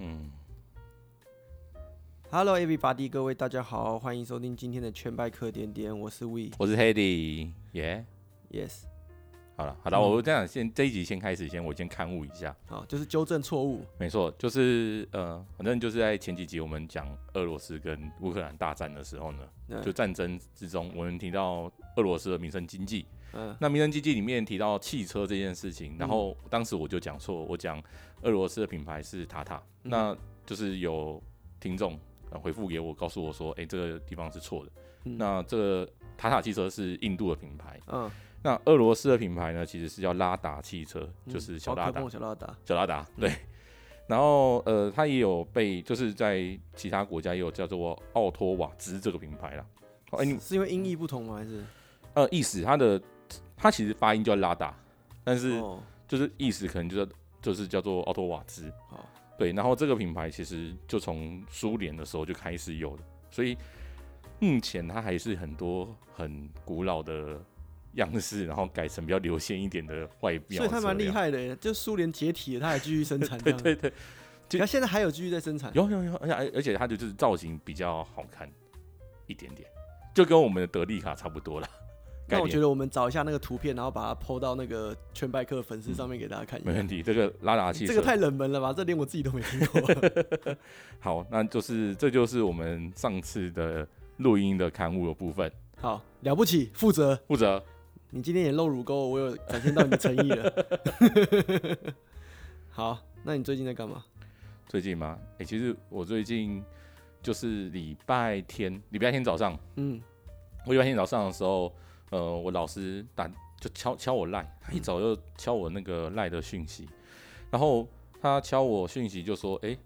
嗯，Hello everybody，各位大家好，歡迎收聽今天的全百科點點，我是 We，我是 Hedy，Yeah，Yes，好了啦，嗯、好了，我這樣先這一集先開始，先我先勘誤一下，好，就是糾正錯誤，沒錯，就是呃，反正就是在前幾集我們講俄羅斯跟烏克蘭大戰的時候呢，嗯、就戰爭之中，我們提到俄羅斯的民生經濟。嗯、那名人基金裡面提到汽車這件事情，然後當時我就講錯，我講俄羅斯的品牌是塔塔、嗯，那就是有聽眾回覆給我，告訴我說，誒、欸，這個地方是錯的。嗯、那這塔塔汽車是印度的品牌，嗯，那俄羅斯的品牌呢，其實是叫拉達汽車，嗯、就是小拉達、啊，小拉達，小拉達，嗯、對。然後呃，它也有被就是在其他國家也有叫做奧托瓦茲這個品牌啦。哎、欸，你是因為音譯不同嗎？還是、嗯、呃，意思它的。它其實發音叫拉達，但是就是意思可能就，oh. 就是就是叫做奧托瓦茲。好，oh. 對，然後這個品牌其實就從蘇聯的時候就開始有了，所以目前它還是很多很古老的樣式，然後改成比較流線一點的外表。所以它蠻厲害的，就蘇聯解體了，它還繼續生產。 對對對，它現在還有繼續在生產。有有有，而且而且它就是造型比較好看一點點，就跟我們的德利卡差不多了。但那我，念我覺得我們找一下那個圖片，然後把它拋到那個全拜客粉絲上面給大家看一下。嗯。沒問題，這個拉拉氣，這個太冷門了吧？這連我自己都沒聽過。 好，那就是這就是我們上次的錄音的刊物的部分。好了不起，負責負責。責你今天也露乳溝，我有展現到你的誠意了。 好，那你最近在幹嘛？最近嗎？哎、欸，其實我最近就是禮拜天，禮拜天早上，嗯，我禮拜天早上的時候。呃，我老師打就敲敲我賴，他一早就敲我那個賴的訊息，嗯、然後他敲我訊息就說，哎、欸，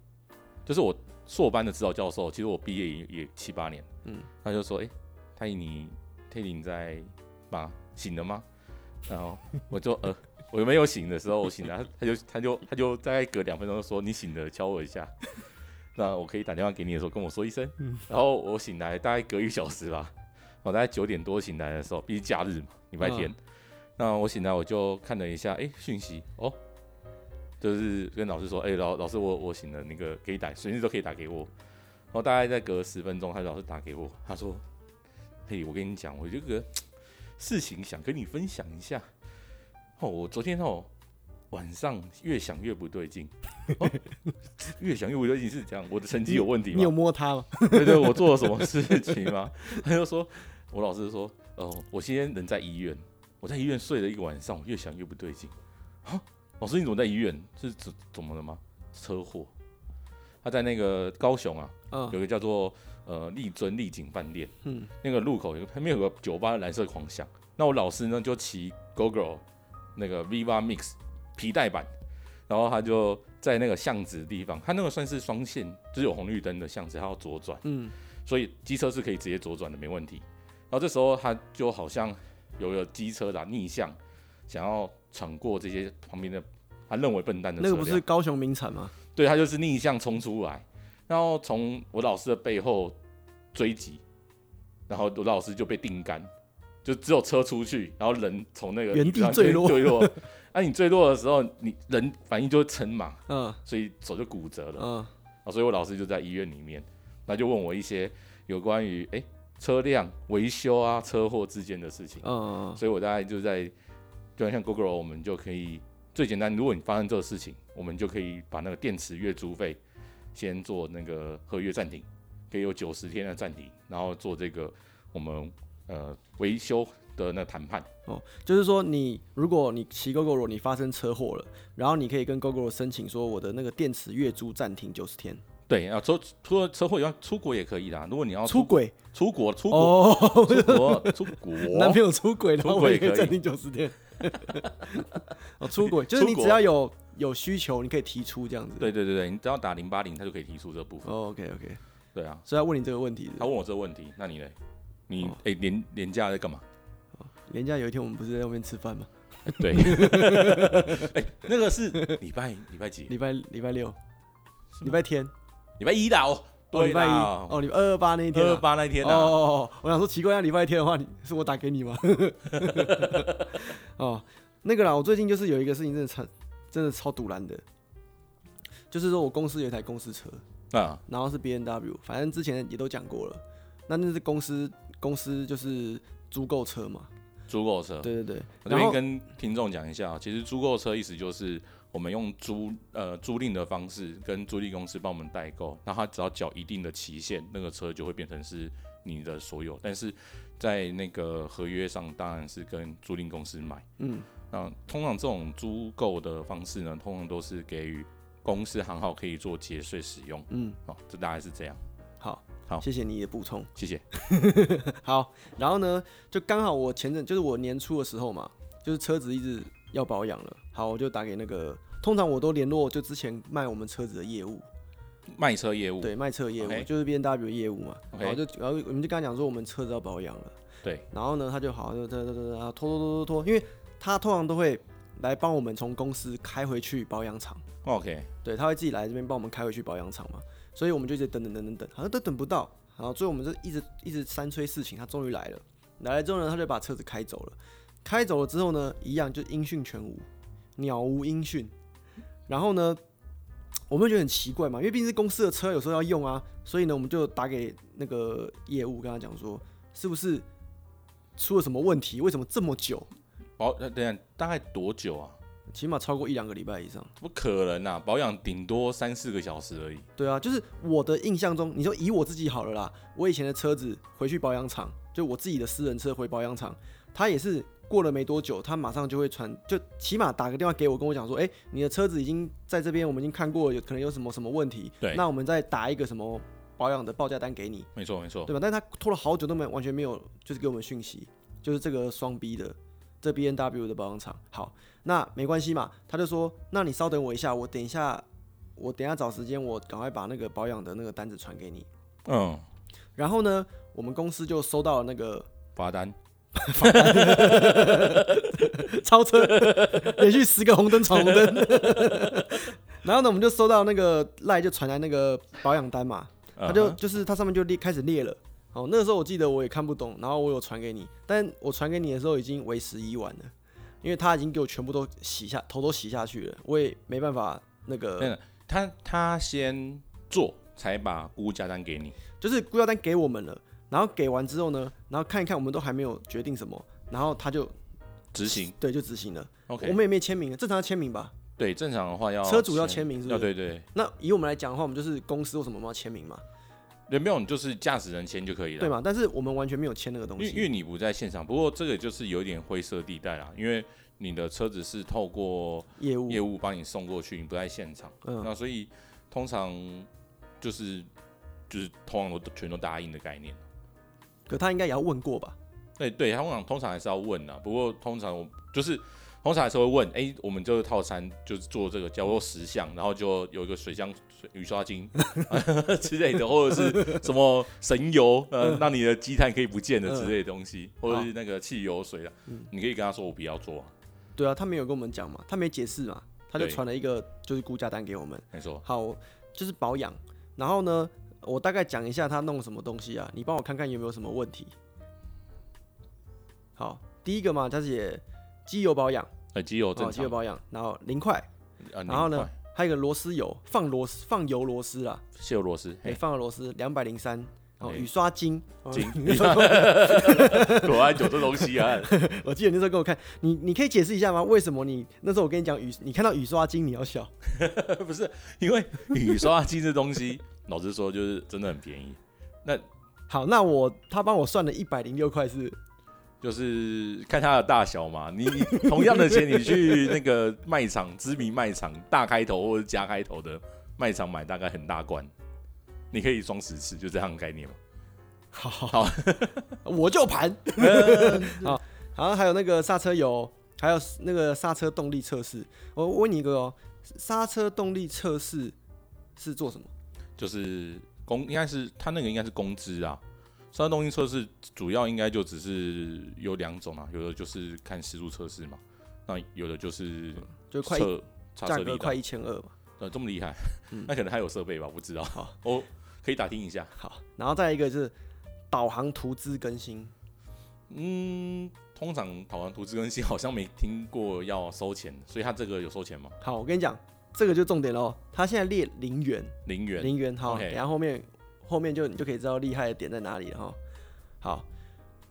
就是我碩班的指導教授，其實我畢業也七八年，嗯，他就說，哎、欸，泰你泰寧在嗎？醒了嗎？然後我就呃我沒有醒的時候，我醒來，他就他就他就大概隔兩分鐘說，你醒了敲我一下，那我可以打電話給你的時候跟我說一聲，然後我醒來大概隔一小時吧。我、哦、大概九點多醒來的時候，畢竟假日嘛，禮拜天。嗯、那我醒來我就看了一下，哎、欸，訊息哦，就是跟老師說，哎、欸，老老師我我醒了，那個可以打，隨時都可以打給我。然、哦、後大概再隔十分鐘，他老師打給我，他說：“嘿，我跟你講，我這個事情想跟你分享一下。”哦，我昨天哦。晚上越想越不對勁、哦，越想越不對勁。是這樣，我的成績有問題嗎你？你有摸他嗎？對，對對，我做了什麼事情嗎？ 他就說，我老師說，哦，我今天人在醫院，我在醫院睡了一個晚上，我越想越不對勁。啊、哦，老師你怎麼在醫院？是怎怎麼了嗎？車禍。他、啊、在那個高雄啊，哦、有個叫做呃麗尊麗景飯店，嗯，那個路口有個旁邊有個酒吧藍色狂想。那我老師呢就騎 GoGo 那個 Viva Mix 皮帶板，然後他就在那個巷子的地方，他那個算是雙線，就是有紅綠燈的巷子，他要左轉，嗯，所以機車是可以直接左轉的，沒問題。然後這時候他就好像有個機車的、啊、逆向，想要闖過這些旁邊的他認為笨蛋的車。那個不是高雄名產嗎？對，他就是逆向衝出來，然後從我老師的背後追擊，然後我老師就被定干，就只有車出去，然後人從那個就原地墜落。 那、啊、你墜落的時候，你人反應就會遲嘛，嗯、所以手就骨折了，嗯、啊，所以我老師就在醫院裡面，那就問我一些有關於誒、欸、車輛維修啊、車禍之間的事情，嗯嗯、所以我大概就在，就像 Google，我們就可以最簡單，如果你發生這個事情，我們就可以把那個電池月租費先做那個合約暫停，可以有九十天的暫停，然後做這個我們呃維修。的那談判哦，就是說你如果你騎 Gogoro，你發生車禍了，然後你可以跟 Gogoro 申請說，我的那個電池月租暫停九十天。對，要出出了車禍以後出國也可以的。如果你要出軌、出國、出國、出國，男朋友出軌了，我也可以暫停九十天。哦，出軌就是你只要有有需求，你可以提出這樣子。對對對對，你只要打零八零，他就可以提出這部分。OK OK，對啊，所以他問你這個問題，他問我這個問題，那你嘞？你誒，連連假在幹嘛？連假有一天，我們不是在外面吃飯嗎？對， 那個是禮 拜禮拜幾？禮拜禮拜六？禮嗎拜天？禮拜一的哦。禮啦拜一哦，禮拜二二八那一天、啊。二,二八那天、啊、哦,哦,哦我想說，奇怪，像、啊、禮拜天的話，是我打給你嗎？ 哦，那個啦，我最近就是有一個事情真，真的超真的超賭爛的，就是說我公司有一台公司車啊，然後是 BMW，反正之前也都講過了。那那是公司公司就是租購車嘛。租購車，對對對，我這邊跟聽眾講一下啊，然後，其實租購車意思就是我們用租呃租賃的方式，跟租賃公司幫我們代購，那他只要繳一定的期限，那個車就會變成是你的所有，但是在那個合約上當然是跟租賃公司買，嗯，那通常這種租購的方式呢，通常都是給予公司行號可以做節稅使用，嗯，好、哦，這大概是這樣。好謝謝你的補充，謝謝。 好，然後呢，就剛好我前陣就是我年初的時候嘛，就是車子一直要保養了。好，我就打給那個，通常我都聯絡就之前賣我們車子的業務，賣車業務，對，賣車業務 Okay 就是 BMW 業務嘛。Okay 然後就然後我們就跟他講說我們車子要保養了。對，然後呢他就好像就，他他他他拖拖拖拖拖，因為他通常都會來幫我們從公司開回去保養廠。OK，對，他會自己來這邊幫我們開回去保養廠嘛。所以我們就一直等等等等等，好像都等不到。然後最後我們就一直一直三催四請，他終於來了。來了之後呢，他就把車子開走了。開走了之後呢，一樣就音訊全無，鳥無音訊。然後呢，我們就覺得很奇怪嘛，因為畢竟是公司的車，有時候要用啊。所以呢，我們就打給那個業務，跟他講說，是不是出了什麼問題？為什麼這麼久？哦，那等下大概多久啊？起碼超過一兩個禮拜以上，不可能吶、啊！保養頂多三四個小時而已。對啊，就是我的印象中，你說以我自己好了啦，我以前的車子回去保養廠，就我自己的私人車回保養廠，他也是過了沒多久，他馬上就會傳，就起碼打個電話給我，跟我講說，哎，你的車子已經在這邊，我們已經看過，有可能有什麼什麼問題。對，那我們再打一個什麼保養的報價單給你。沒錯沒錯，沒錯對吧？但是他拖了好久都沒有，完全沒有，就是給我們訊息，就是這個雙 B 的。這 BMW 的保養廠，好，那沒關係嘛，他就說，那你稍等我一下，我等一下，我等一下找時間，我趕快把那個保養的那個單子傳給你。嗯，然後呢，我們公司就收到了那個罰單，罰單 超車，連續十個紅燈闖紅燈。 然後呢，我們就收到那個 LINE 就傳來那個保養單嘛，他就、uh huh. 就是他上面就裂開始裂了。哦，那時候我記得我也看不懂，然後我有傳給你，但我傳給你的時候已經為時已晚了，因為他已經給我全部都洗下頭都洗下去了，我也沒辦法那個。等等他他先做才把估價單給你，就是估價單給我們了，然後給完之後呢，然後看一看我們都還沒有決定什麼，然後他就執行，對，就執行了。OK，我們也沒簽名，正常要簽名吧。對，正常的話要簽車主要簽名是吧？對對。那以我們來講的話，我們就是公司或什麼要簽名嘛。也沒有，你就是駕駛人簽就可以了，對嗎？但是我們完全沒有簽那個東西。因為你不在現場，不過這個就是有點灰色地帶啦，因為你的車子是透過業務業務幫你送過去，你不在現場，嗯，那所以通常就是就是通常都全都答應的概念。可他應該也要問過吧？對對，他通常通常還是要問的，不過通常我就是。通常還是會問，哎、欸，我們這個套餐就是做這個叫做十項然後就有一個水箱，水雨刷精、啊、之類的，或者是什麼神油，呃、嗯，那你的積碳可以不見的之類的東西，嗯，或者是那個汽油水的，嗯，你可以跟他說我不要做啊。對啊，他沒有跟我們講嘛，他沒解釋嘛，他就傳了一個就是估價單給我們。沒錯對。好，就是保養，然後呢，我大概講一下他弄什麼東西啊，你幫我看看有沒有什麼問題？好，第一個嘛，佳姐。機油保養，呃、欸，機油正機、哦、油保養，然後零塊，啊、零塊然後呢，還有一個螺絲油，放螺絲，放油螺絲了，卸油螺絲，哎、欸，放個螺絲，兩百零三，然後、欸、雨刷精，精金，哦、我 有啊，酒這東西啊， 我記得那時候跟我看，你，你可以解釋一下嗎？為什麼你那時候我跟你講雨，你看到雨刷精你要笑？ 不是，因為雨刷精這東西， 老實說就是真的很便宜，那好，那我他幫我算了一百零六塊是。就是看它的大小嘛，你同樣的錢，你去那個賣場 知名賣場大開頭或者加開頭的賣場買，大概很大罐，你可以裝十次，就這樣的概念嘛。好好好， 我就盤。 好，好，還有那個剎車油，還有那個剎車動力測試。我問你一個哦，剎車動力測試是做什麼？就是工，應該是他那個應該是工資啊。上動力測試主要應該就只是有兩種嘛。有的就是看時速測試嘛，那有的就是、嗯、就快，測價格快一千二嘛，呃，這麼厲害，嗯、 那可能還有設備吧，不知道，哦好，oh, 可以打聽一下。好，然後再一個就是導航圖資更新，嗯，通常導航圖資更新好像沒聽過要收錢， 所以它這個有收錢嗎？好，我跟你講，這個就重點嘍，它現在列零元，零元，零元，元，好，然後 Okay 後面。後面就你就可以知道厲害的點在哪裡了哈。好，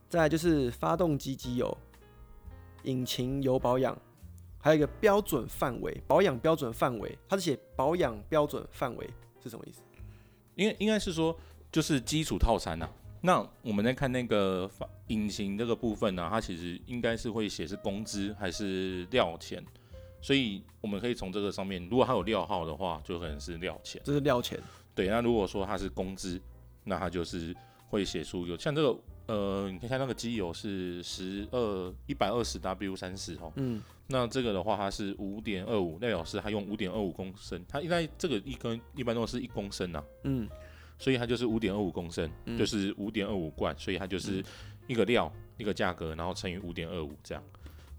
再來就是發動機機油、引擎油保養，還有一個標準範圍保養標準範圍，它是寫保養標準範圍是什麼意思？應應該是說就是基礎套餐吶、啊。那我們在看那個發引擎這個部分呢、啊，它其實應該是會寫是工資還是料錢，所以我們可以從這個上面，如果它有料號的話，就可能是料錢。這是料錢。對，那如果說它是工資，那它就是會寫出有像這個，呃，你看一下那個機油是十二一百二十 W 三十哦，嗯，那這個的話它是五點二五，那老師他用五點二五公升，他應該這個一根一般都是一公升啊，嗯，所以它就是五點二五公升，嗯、就是五點二五罐，所以它就是一個料、嗯、一個價格，然後乘以五點二五這樣。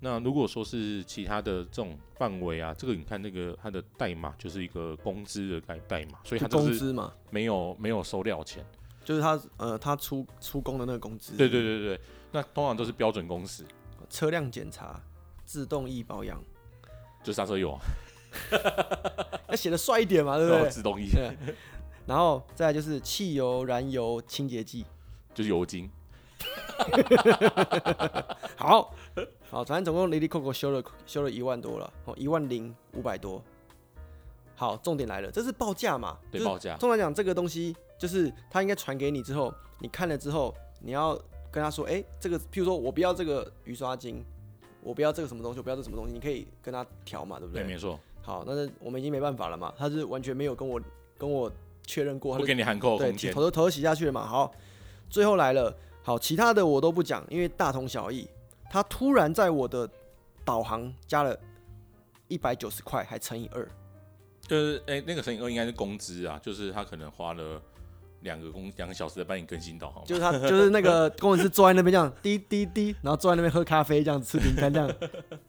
那如果說是其他的這種範圍啊，這個你看那個它的代碼就是一個工資的代代碼，所以它工資嘛，沒有沒有收料錢，就是他呃他出出工的那個工資。對對對對，那通常都是標準工時。車輛檢查、自動易保養，就煞車油啊。那寫 的帥一點嘛，對不對？自動翼，然後再來就是汽油、燃油清潔劑，就是油精。 好。好，反正總共 Lily Coco 修了修了一萬多了，哦、喔，一萬零五百多。好，重點來了，這是報價嘛？對，報價。通常講這個東西，就是他應該傳給你之後，你看了之後，你要跟他說，誒、欸，這個，譬如說我不要這個雨刷巾，我不要這個什麼東西，我不要這什麼東西，你可以跟他調嘛，對不對？沒錯。好，那我們已經沒辦法了嘛，他是完全沒有跟我跟我確認過，他不給你含扣空間。對，頭頭洗下去了嘛。好，最後來了，好，其他的我都不講，因為大同小異。他突然在我的導航加了，一百九十塊，還乘以二，就是哎、欸，那個乘以二應該是工資啊，就是他可能花了兩個工兩個小時來幫你更新導航。就是他就是那個工人是坐在那邊這樣 滴滴滴，然後坐在那邊喝咖啡這樣子吃餅乾這樣。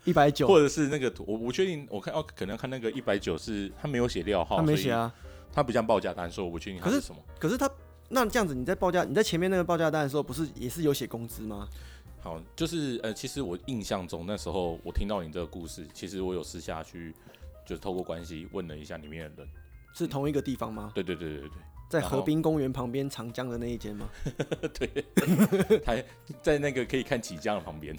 一百九，或者是那個圖，我不確定，我,我確定我看哦、啊，可能要看那個一百九是他沒有寫料號，他沒寫啊，他不像報價單說，所以我不確定他是什麼。可是,可是他那這樣子，你在報價，你在前面那個報價單的時候，不是也是有寫工資嗎？好，就是呃，其實我印象中那時候我聽到你這個故事，其實我有私下去，就是透過關係問了一下裡面的人，是同一個地方嗎？對、嗯、對對對對，在河濱公園旁邊長江的那一間嗎？然後 對，還 在那個可以看起江的旁邊。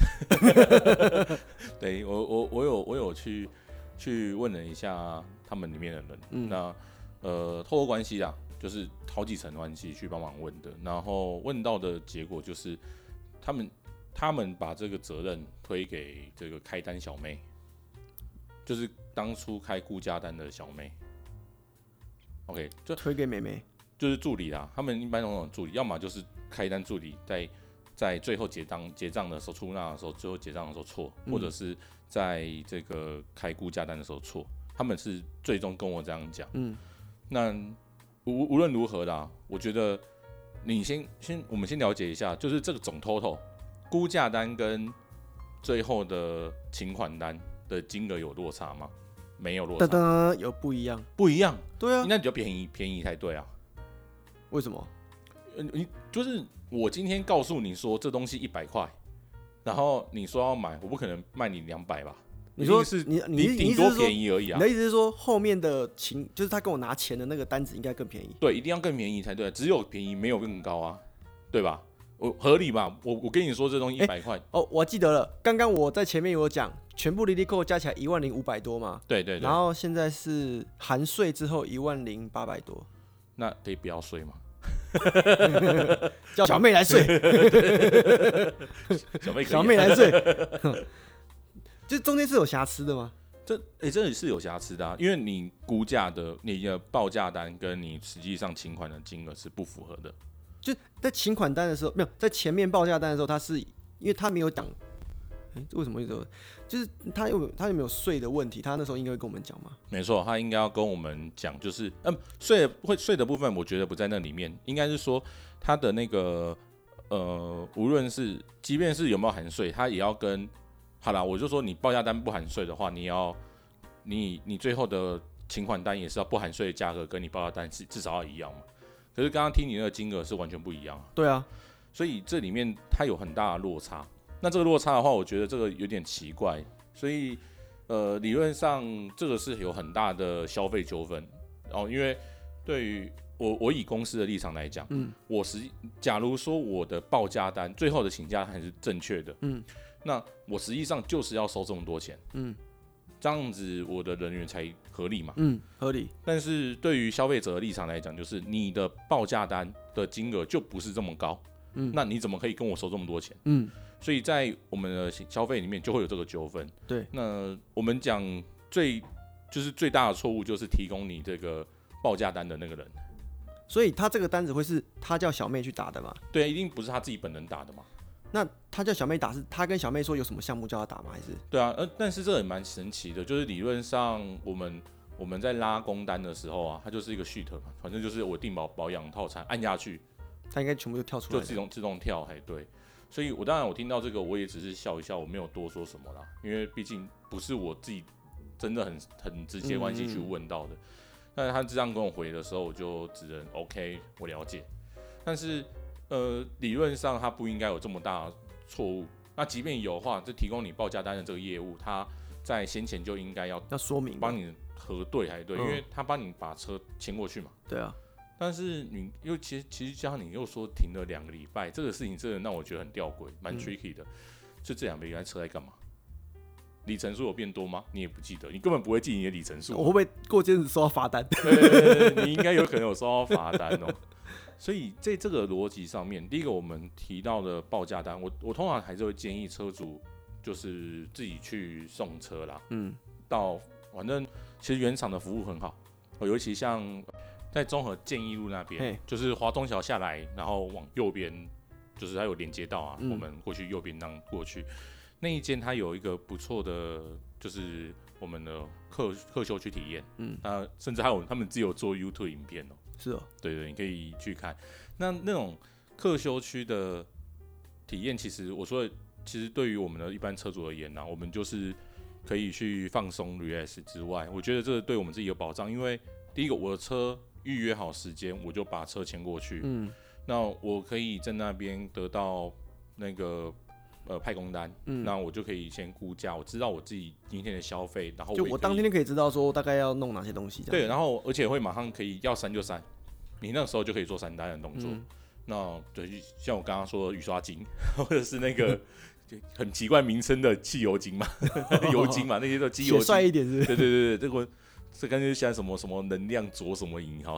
對，我我我有我有去去問了一下他們裡面的人，嗯、那呃透過關係啊，就是好幾層關係去幫忙問的，然後問到的結果就是他們。他們把這個責任推給這個開單小妹，就是當初開估價單的小妹。OK，就推給妹妹，就是助理啦。他們一般那種助理，要麼就是開單助理在，在在最後結賬、結賬的時候，出納的時候，最後結賬的時候錯，嗯、或者是在這個開估價單的時候錯。他們是最終跟我這樣講。嗯，那無無論如何啦，我覺得你先先我們先了解一下，就是這個總 total。估價單跟最後的請款單的金額有落差嗎？沒有落差噠噠，有不一樣，不一樣，對啊，應該比較便宜，便宜才對啊。為什麼？嗯，你就是我今天告訴你說這東西一百塊，然後你說要買，我不可能賣你兩百吧？你說是，你你頂多便宜而已啊。你的意思是說後面的請，就是他跟我拿錢的那個單子應該更便宜？對，一定要更便宜才對啊，只有便宜沒有更高啊，對吧？合理吧？我我跟你說，這東西一百塊哦。我記得了，剛剛我在前面有講，全部利利扣加起來一萬零五百多嘛。對對對。然後現在是含稅之後一萬零八百多。那得不要稅嗎？叫 小妹來稅。 小妹，小妹來稅。這 中間是有瑕疵的嗎？這哎，這、欸、裡是有瑕疵的、啊，因為你估價的你的報價單跟你實際上請款的金額是不符合的。就在請款單的時候，沒有在前面報價單的時候，他是因為他沒有擋。哎、欸，為什麼會？就是他有他有沒有稅的問題？他那時候應該會跟我們講嗎？沒錯，他應該要跟我們講，就是嗯，稅會稅的部分，我覺得不在那裡面，應該是說他的那個呃，無論是即便是有沒有含稅，他也要跟好啦，我就說你報價單不含稅的話，你要你你最後的請款單也是要不含稅的價格，跟你報價單至至少要一樣嘛。可是剛剛聽你那個金額是完全不一樣啊。對啊，所以這裡面它有很大的落差。那這個落差的話，我覺得這個有點奇怪。所以，呃，理論上這個是有很大的消費糾紛。哦，因為對於我，我以公司的立場來講，嗯，我實假如說我的報價單最後的請假單是正確的，嗯，那我實際上就是要收這麼多錢，嗯，這樣子我的人員才。合理嘛？嗯，合理。但是對於消費者的立場來講，就是你的報價單的金額就不是這麼高。嗯，那你怎麼可以跟我收這麼多錢？嗯，所以在我們的消費裡面就會有這個糾紛。對，那我們講最就是最大的錯誤就是提供你這個報價單的那個人。所以他這個單子會是他叫小妹去打的嘛？對，一定不是他自己本人打的嘛。那他叫小妹打，是他跟小妹說有什麼項目叫他打嗎？還是？對啊，呃，但是這個也蠻神奇的，就是理論上我們我們在拉工單的時候啊，它就是一個 sheet 嘛，反正就是我定保保養套餐按下去，它應該全部都跳出來，就自動自動跳，還對。所以，我當然我聽到這個我也只是笑一笑，我沒有多說什麼啦，因為畢竟不是我自己真的很很直接關係去問到的。嗯嗯，但是他這樣跟我回的時候，我就只能 OK，我了解。但是。呃，理論上他不應該有這麼大的錯誤。那即便有的話，就提供你報價單的這個業務，他在先前就應該要要說明，幫你核對還對，嗯、因為他幫你把車牽過去嘛。對啊，但是你又其實其實，加上你又說停了兩個禮拜，這個事情真的讓我覺得很吊詭，蠻 tricky 的。嗯、就這兩個禮拜車在幹嘛？里程數有變多嗎？你也不記得，你根本不會記你的里程數。我會不會過兼職收到罰單？對，對，對，對， 你應該有可能有收到罰單哦。 所以在這個邏輯上面，第一個我們提到的報價單，我我通常還是會建議車主就是自己去送車啦。嗯，到反正其實原廠的服務很好，尤其像在中和建一路那邊，嘿就是華中橋下來，然後往右邊，就是它有連接到啊，嗯、我們過去右邊那過去那一間，它有一個不錯的，就是我們的客客休去體驗。嗯，那、啊、甚至還有他們自有做 YouTube 影片哦、喔。是哦，對對，你可以去看。那那種客休區的體驗，其實我說的，其實對於我們的一般車主而言呢、啊，我們就是可以去放鬆、relax 之外，我覺得這個對我們自己有保障。因為第一個，我的車預約好時間，我就把車牽過去，嗯，那我可以在那邊得到那個。呃，派工單，嗯，那我就可以先估價，我知道我自己今天的消費，然後我就我當天就可以知道說大概要弄哪些東西，對，然後而且會馬上可以要刪就刪，你那時候就可以做刪單的動作。嗯，那對，像我剛剛說的雨刷精，或者是那個 就很奇怪名稱的汽油精嘛， 油精嘛，那些都機油帥一點是不是？對對對對，這個。這感覺像什麼什麼能量着什麼癮哈，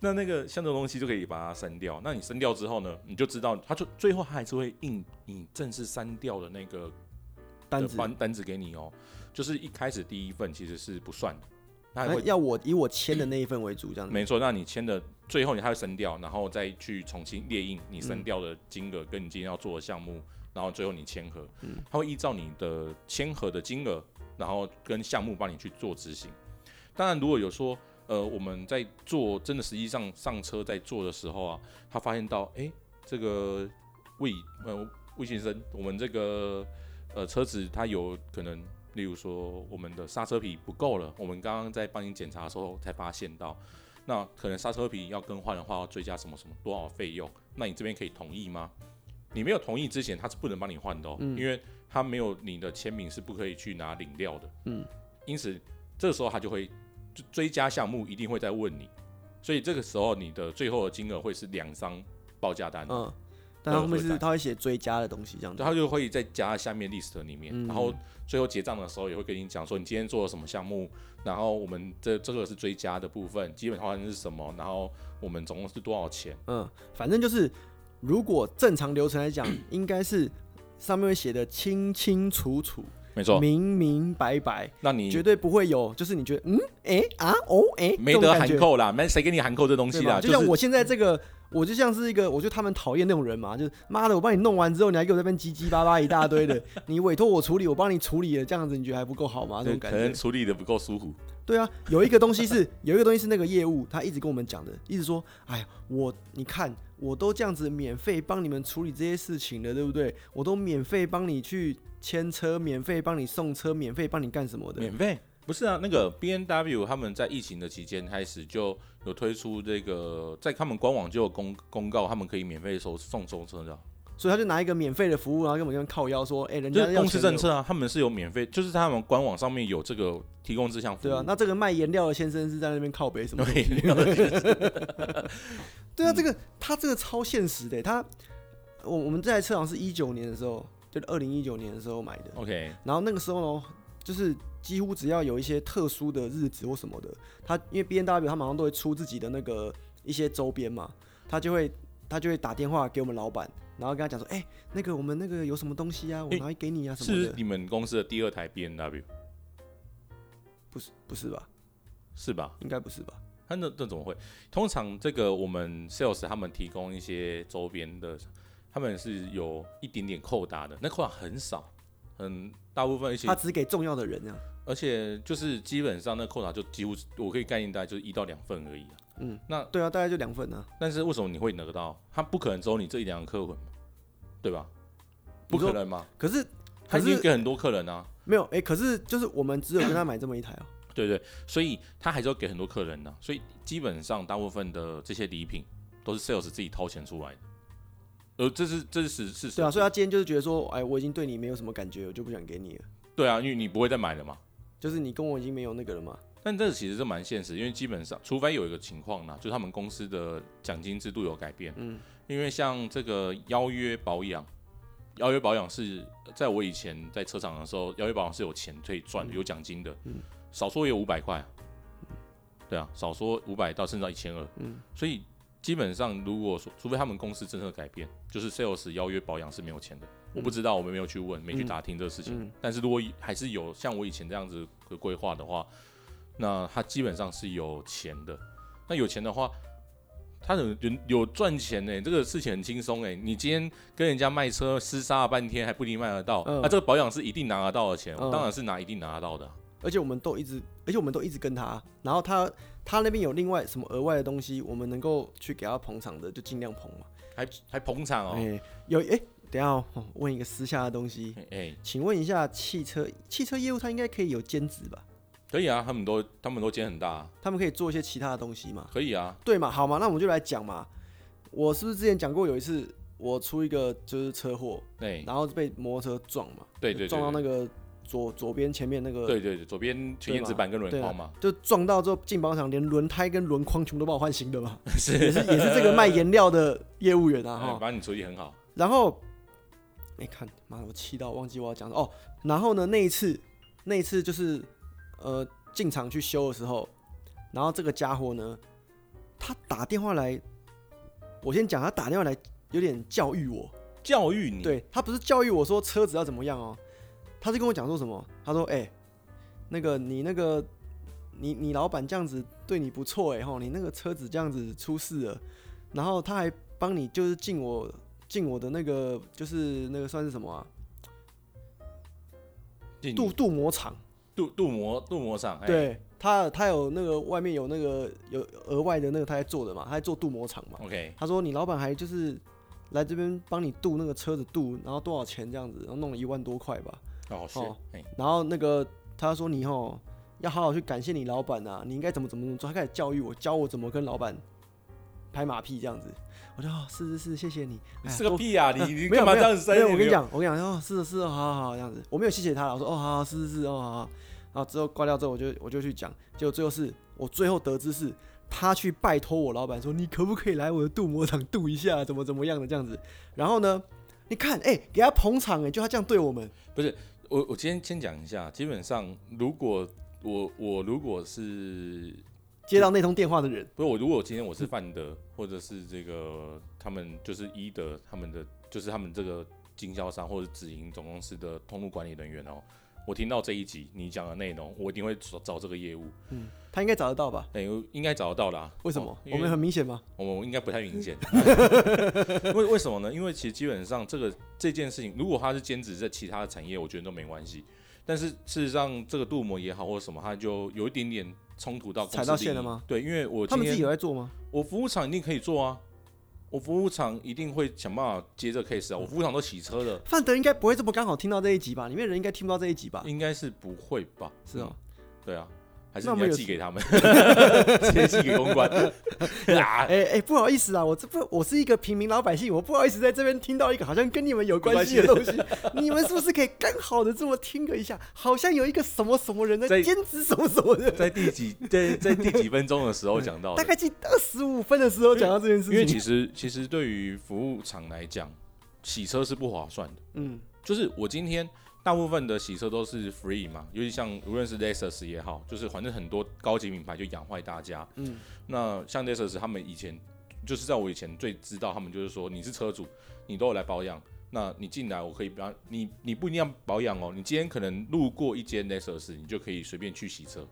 那那個像這種東西就可以把它刪掉。那你刪掉之後呢，你就知道，它就最後它還是會印你正式刪掉的那個的單子單子給你哦喔。就是一開始第一份其實是不算的，那要我以我簽的那一份為主，這樣子、嗯、沒錯。那你簽的最後你還會刪掉，然後再去重新列印你刪掉的金額跟你今天要做的項目，嗯、然後最後你簽核，嗯、它會依照你的簽核的金額。然後跟項目幫你去做執行，當然如果有說，呃，我們在做真的實際上上車在做的時候啊，他發現到，哎，這個魏呃魏先生，我們這個呃車子它有可能，例如說我們的剎車皮不夠了，我們剛剛在幫你檢查的時候才發現到，那可能剎車皮要更換的話，要追加什麼什麼多少費用，那你這邊可以同意嗎？你沒有同意之前，他是不能幫你換的哦，嗯、因為。他沒有你的簽名是不可以去拿領料的。嗯，因此這個時候他就會追加項目，一定會再問你，所以這個時候你的最後的金額會是兩張報價單。嗯，但後面是他會寫追加的東西，這樣子。他就會再加下面 list 裡面，嗯、然後最後結賬的時候也會跟你講說你今天做了什麼項目，然後我們這這個是追加的部分，基本上是什麼，然後我們總共是多少錢。嗯，反正就是如果正常流程來講， 應該是。上面會寫的清清楚楚，沒錯錯，明明白白。那你絕對不會有，就是你覺得，嗯，哎、欸、啊哦，哎、欸，沒得函扣啦，沒誰給你函扣這東西啦。嗎就是、就像我現在這個，我就像是一個，我覺得他們討厭那種人嘛，就是媽的，我幫你弄完之後，你還給我這邊嘰嘰巴巴一大堆的， 你委托我處理，我幫你處理了，這樣子你覺得還不夠好嗎？這種感覺，可能處理的不夠舒服。對啊，有一個東西是有一個東西是那個業務，他一直跟我們講的，一直說，哎呀，我你看，我都這樣子免費幫你們處理這些事情了，對不對？我都免費幫你去牽車，免費幫你送車，免費幫你幹什麼的？免費不是啊，那個 BMW 他們在疫情的期間開始就有推出這個，在他們官網就有公公告，他們可以免費收送中車的。所以他就拿一個免費的服務，然後根本就靠腰說，哎、欸，人家公司政策啊，他們是有免費，就是他們官網上面有這個提供這項服務。對啊，那這個賣顏料的先生是在那邊靠北什麼？對, 對啊，這個他這個超現實的，他我我們這台車好像是一九年的時候，就二零一九年的時候買的。OK，然後那個時候呢，就是幾乎只要有一些特殊的日子或什麼的，他因為 BMW 他馬上都會出自己的那個一些周邊嘛，他就會。他就會打電話給我們老闆，然後跟他講說：“哎、欸，那個我們那個有什麼東西啊？我拿給你啊什麼的。欸”是,不是你們公司的第二台 BMW？不是，不是吧？是吧？應該不是吧？啊、那那怎麼會？通常這個我們 sales 他們提供一些周邊的，他們是有一點點扣打的，那扣打很少，嗯，大部分一些他只給重要的人啊，而且就是基本上那扣打就幾乎，我可以概念大概就是一到兩份而已、啊。嗯，那對啊，大概就兩份呢、啊。但是為什麼你會得到？他不可能只有你這一兩個客戶，對吧？說不可能嘛？可是還是給很多客人啊。沒有哎、欸，可是就是我們只有跟他買這麼一台哦、喔。 對，對對，所以他還是要給很多客人呢、啊。所以基本上大部分的這些禮品都是 sales 自己掏錢出來的。呃，這是這是事實。對啊。所以他今天就是覺得說，哎，我已經對你沒有什麼感覺，我就不想給你了。對啊，因為你不會再買了嘛。就是你跟我已經沒有那個了嘛。但這其實是蠻現實，因為基本上，除非有一個情況呢、啊，就是、他們公司的獎金制度有改變。嗯、因為像這個邀約保養，邀約保養是在我以前在車廠的時候，邀約保養是有錢可以賺，嗯、有獎金的，嗯、少說也有五百塊。對啊，少說五百到甚至到一千二。所以基本上如果說，除非他們公司政策的改變，就是 sales 邀約保養是沒有錢的。嗯、我不知道，我們沒有去問，沒去打聽這個事情。嗯嗯、但是如果還是有像我以前這樣子的規劃的話，那他基本上是有錢的，那有錢的話，他有有有賺錢呢、欸，這個事情很輕鬆哎。你今天跟人家賣車廝殺了半天，還不一定賣得到，那、嗯啊、這個保養是一定拿得到的錢，我、嗯、當然是拿一定拿得到的。而且我們都一直，而且我們都一直跟他，然後他他那邊有另外什麼額外的東西，我們能夠去給他捧場的，就儘量捧嘛。還還捧場哦。欸、有哎、欸，等一下、喔、問一個私下的東西哎，欸、請問一下汽車汽車業務，他應該可以有兼職吧？可以啊，他們都他們都肩很大，啊，他們可以做一些其他的東西嘛？可以啊，對嘛，好嘛，那我們就來講嘛。我是不是之前講過有一次我出一個就是車禍，對，欸，然後被摩托車撞嘛，對對，對對，撞到那個左左邊前面那個，對對對，左邊前葉子板跟輪框嘛，嘛，啊，就撞到之後進保養廠連輪胎跟輪框全部都幫我換新的嘛，是也是也是這個賣顏料的業務員啊，哈、欸，反正你處理很好。然後你、欸、看，媽的，我氣到忘記我要講哦、喔。然後呢，那一次那一次就是。呃，進廠去修的時候，然後這個家伙呢，他打電話來，我先講，他打電話來有點教育我，教育你，對，他不是教育我說車子要怎麼樣哦、喔，他就跟我講說什麼？他說：“哎、欸，那個你那個你你老板這樣子對你不錯哎吼，你那個車子這樣子出事了，然後他還幫你就是進我進我的那個就是那個算是什麼啊？鍍鍍膜廠。”鍍鍍膜，鍍膜廠。欸、對他，他有那個外面有那個有額外的那個他還做的嘛，他還做鍍膜廠嘛。OK，他說你老闆還就是來這邊幫你鍍那個車子鍍，然後多少錢這樣子，然後弄了一萬多塊吧。哦，好。哦欸、然後那個他說你哦要好好去感謝你老闆吶、啊，你應該怎麼怎麼怎麼做。他開始教育我，教我怎麼跟老闆拍馬屁這樣子。我說哦，是是是，謝謝你。哎、你是個屁啊，我你啊你幹沒有嘛，這樣子有，我跟你講，我跟你講，哦，是是，好好好，這樣子，我沒有謝謝他了。我說，哦，好，好，是是是，哦，好好然後，之後掛掉之後我，我就我就去講。結果最後是，我最後得知是，他去拜托我老板說，你可不可以來我的鍍膜廠鍍一下？怎麼怎麼樣的這樣子？然後呢，你看，哎、欸，給他捧場、欸，哎，就他這樣對我們。不是，我我今天先講一下，基本上，如果我我如果是。接到那通電話的人，不，我如果今天我是汎德，嗯、或者是這個他們就是一德他們的，就是他們這個經銷商或者直營總公司的通路管理人員哦、喔，我聽到這一集你講的內容，我一定會找找這個業務，嗯，他應該找得到吧？等於、嗯、應該找得到啦。為什麼？我們很明顯嗎？我們應該不太明顯， 為為什麼呢？因為其實基本上這個這件事情，如果他是兼職在其他的產業，我覺得都沒關係。但是事實上，這個鍍膜也好或者什麼，他就有一點點。衝突到踩到線了嗎？對，因為我他們自己有在做嗎？我服務廠一定可以做啊，我服務廠一定會想辦法接這個 case 啊。我服務廠都洗車的，哦，范德應該不會這麼剛好聽到這一集吧？裡面人應該聽不到這一集吧？應該是不會吧？是啊，哦嗯，對啊。還是沒寄給他們，直接 寄給公關 哎。哎哎，不好意思啊，我這不，我是一個平民老百姓，我不好意思在這邊聽到一個好像跟你們有關係的東西。你們是不是可以更好的這麼聽個一下？ 好像有一個什麼什麼人的兼職什麼什麼人在，在第幾在在第幾分鐘的時候講到？ 大概在二十五分的時候講到這件事情。因為其實其實對於服務廠來講，洗車是不划算的。嗯，就是我今天。大部分的洗車都是 free 嘛，尤其像無論是 Lexus 也好，就是反正很多高級品牌，就養壞大家。嗯，那像 Lexus 他們以前就是在我以前最知道他們就是說，你是車主，你都有來保養。那你進來，我可以比方你，你不一定要保養哦、喔，你今天可能路過一間 Lexus，你就可以隨便去洗車。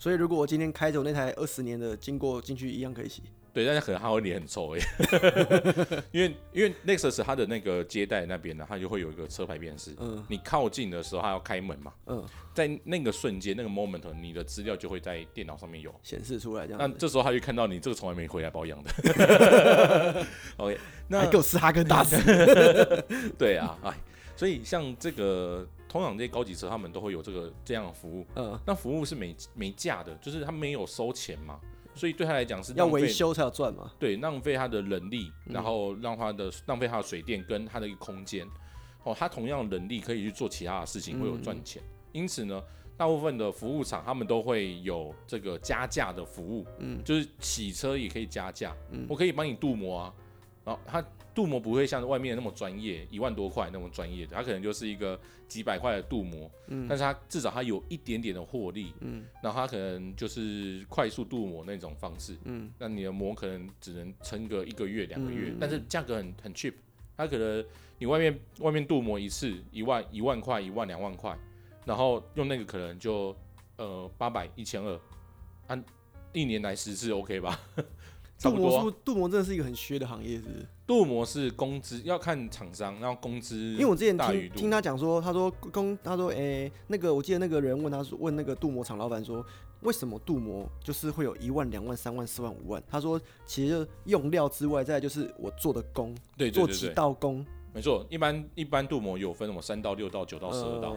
所以如果我今天開走那台二十年的，經過進去一樣可以洗。對，但是可能他會臉很臭，欸 哦，因為因為 Lexus 它的那個接待那邊呢，啊，它就會有一個車牌辨識，呃、你靠近的時候他要開門嘛，嗯、呃，在那個瞬間那個 moment 你的資料就會在電腦上面有顯示出來這樣，那這時候他就看到你這個從來沒回來保養的 ，OK，那夠吃哈根達斯 對啊唉，所以像這個通常這些高級車他們都會有這個這樣的服務，嗯、呃，那服務是沒沒價的，就是他沒有收錢嘛。所以對他來講是要維修才要賺嘛？對，浪費他的人力，嗯、然後讓他的浪費他的水電跟他的一個空間。哦，他同樣的能力可以去做其他的事情，會有賺錢。嗯、因此呢，大部分的服務廠他們都會有這個加價的服務，嗯，就是洗車也可以加價，嗯、我可以幫你鍍膜啊，哦他。鍍膜不會像外面那麼專業，一萬多塊那麼專業的，它可能就是一個幾百塊的鍍膜，嗯、但是它至少它有一點點的獲利，嗯，然後它可能就是快速鍍膜那種方式，嗯，那你的膜可能只能撐個一個月、兩個月，嗯、但是價格很很 cheap，它可能你外面外面鍍膜一次一萬一萬塊一萬兩萬塊，然後用那個可能就呃八百一千二，按、啊、一年來十次 OK 吧。 鍍膜鍍膜真的是一個很削的行業，是不是？鍍膜是工資要看廠商，然後工資，因為我之前聽聽他講說，他說工，他說誒、欸、那個我記得那個人問他說問那個鍍膜廠老闆說，為什麼鍍膜就是會有一萬、兩萬、三萬、四萬、五萬？他說其實用料之外，再就是我做的工，對，對，對，對，做幾道工，沒錯，一般一般鍍膜有分什麼三道、六道、呃、九道、十二道，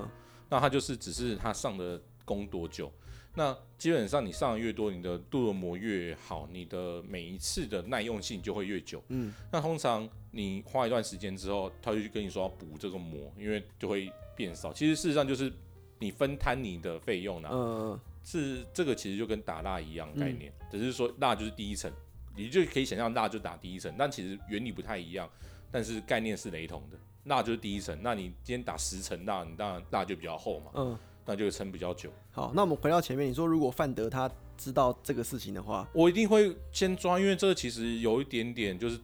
那他就是只是他上的工多久。那基本上你上的越多，你的鍍的膜越好，你的每一次的耐用性就會越久。嗯，那通常你花一段時間之後，他就去跟你說要補這個膜，因為就會變少。其實事實上就是你分攤你的費用呢、啊，呃、是這個其實就跟打蠟一樣概念，嗯、只是說蠟就是第一層，你就可以想象蠟就打第一層，但其實原理不太一樣，但是概念是雷同的，蠟就是第一層。那你今天打十層蠟，你當然蠟就比較厚嘛。嗯。那就會撐比較久。好，那我們回到前面，你說如果汎德他知道這個事情的話，我一定會先抓，因為這個其實有一點點就是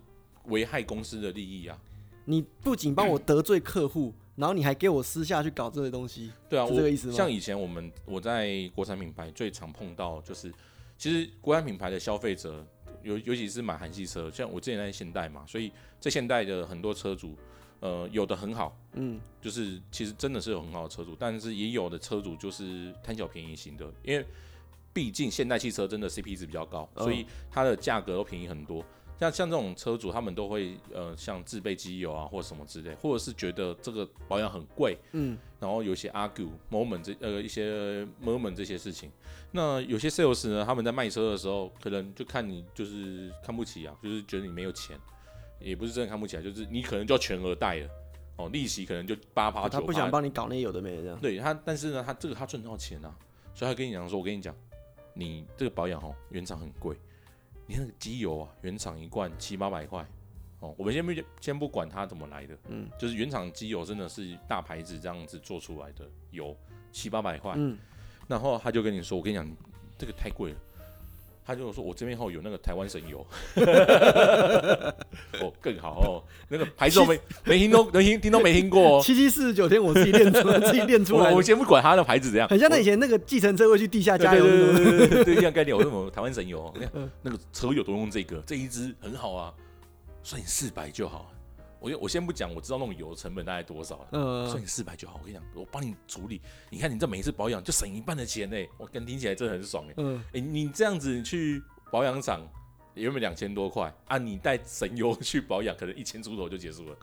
危害公司的利益啊。你不僅幫我得罪客戶，為然後你還給我私下去搞這些東西，對啊，是這個意思嗎？像以前我們我在國產品牌最常碰到就是，其實國產品牌的消費者，尤尤其是買韓系車，像我之前在現代嘛，所以在現代的很多車主。呃，有的很好，嗯，就是其實真的是有很好的車主，但是也有的車主就是貪小便宜型的，因為畢竟現代汽車真的 C P 值比較高，所以它的價格都便宜很多。像，嗯，像這種車主，他們都會呃像自備機油啊，或者什麼之類，或者是覺得這個保養很貴，嗯，然後有些 argue moment 這呃一些 moment 這些事情。那有些 sales 呢，他們在賣車的時候，可能就看你就是看不起啊，就是覺得你沒有錢。也不是真的看不起來，就是你可能就要全額貸了，哦，利息可能就八八九。他不想幫你搞那有的沒的。對他，但是呢，他這個他賺到錢了，啊，所以他跟你講說，我跟你講，你這個保養哦，原廠很貴，你看那個機油啊，原廠一罐七八百塊，哦，我們先不先不管他怎麼來的，嗯，就是原廠機油真的是大牌子這樣子做出來的油七八百塊，嗯，然後他就跟你說，我跟你講，這個太貴了。他就說：“我這邊後有那個台灣神油，哈哈哈，哦，更好哦。那個牌子都沒沒聽都沒聽聽都沒聽過。七七四十九天我自己練出來，自己練出來。我先不管他的牌子怎樣，很像那以前那個計程車會去地下加油，對這樣概念。我說我台灣神油？你看那個車友都用這個，這一支很好啊，算你四百就好。”我我先不講，我知道那種油的成本大概多少了，嗯，嗯，嗯，算你四百就好。我跟你講，我幫你處理。你看你這每一次保養就省一半的錢呢、欸。我跟聽起來真的很爽哎、欸。嗯、欸，你這樣子你去保養廠原本兩千多塊啊，你帶省油去保養，可能一千出頭就結束了。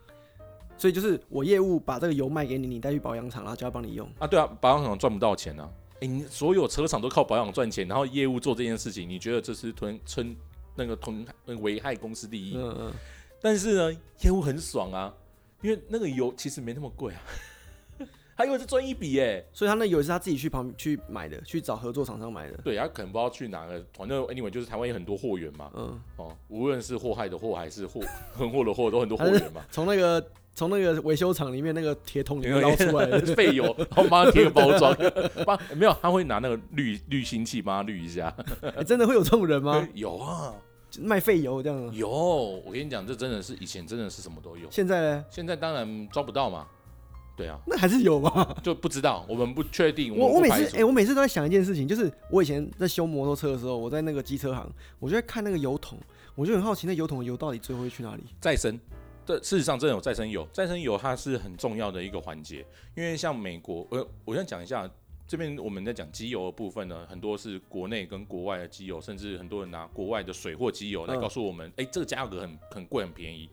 所以就是我業務把這個油賣給你，你帶去保養廠，然後就要幫你用啊？對啊，保養廠賺不到錢啊。哎、欸，你所有車廠都靠保養賺錢，然後業務做這件事情，你覺得這是吞村那個吞危害公司利益？嗯嗯。但是呢，業務很爽啊，因為那個油其實沒那麼貴啊，他以為是賺一筆哎、欸，所以他那油是他自己去旁去買的，去找合作廠商買的。對，他可能不知道去哪了，反、啊、正 anyway 就是台灣有很多貨源嘛，嗯，哦、啊，無論是禍害的貨還是貨很貨的貨都很多貨源嘛。從那個從那個維修廠裡面那個鐵桶裡面撈出來的廢 油，然後幫他貼個包裝，幫、 欸、沒有他會拿那個濾濾芯器幫他濾一下、 欸。真的會有這種人嗎？有啊。賣廢油這樣子？有，我跟你講，這真的是以前真的是什麼都有。現在呢？現在當然抓不到嘛。對啊，那還是有嗎？就不知道，我們不確定。我我，我每次哎、欸，我每次都在想一件事情，就是我以前在修摩托車的時候，我在那個機車行，我就在看那個油桶，我就很好奇，那油桶的油到底最後會去哪裡？再生，這事實上真的有再生油，再生油它是很重要的一個環節，因為像美國，我我先講一下。這邊我們在講機油的部分呢，很多是國內跟國外的機油，甚至很多人拿國外的水貨機油來告訴我們，哎、嗯欸，這個價格很很貴，很便宜。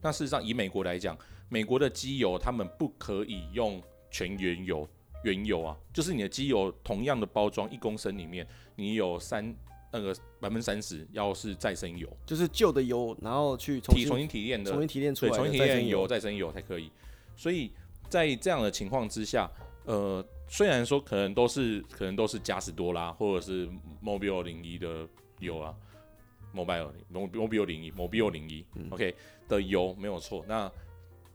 那事實上以美國來講，美國的機油他們不可以用全原油，原油啊，就是你的機油同樣的包裝一公升裡面，你有三那個百分之三十要是再生油，就是舊的油，然後去重新提煉的，重新提煉出來的對，重新提煉油再生油才可以。所以在這樣的情況之下，呃。雖然說可能都是可能都是嘉實多拉或者是 Mobile 零一的油啊，Mobile Mobile 零一 Mobile 零一 OK、嗯、的油沒有錯。那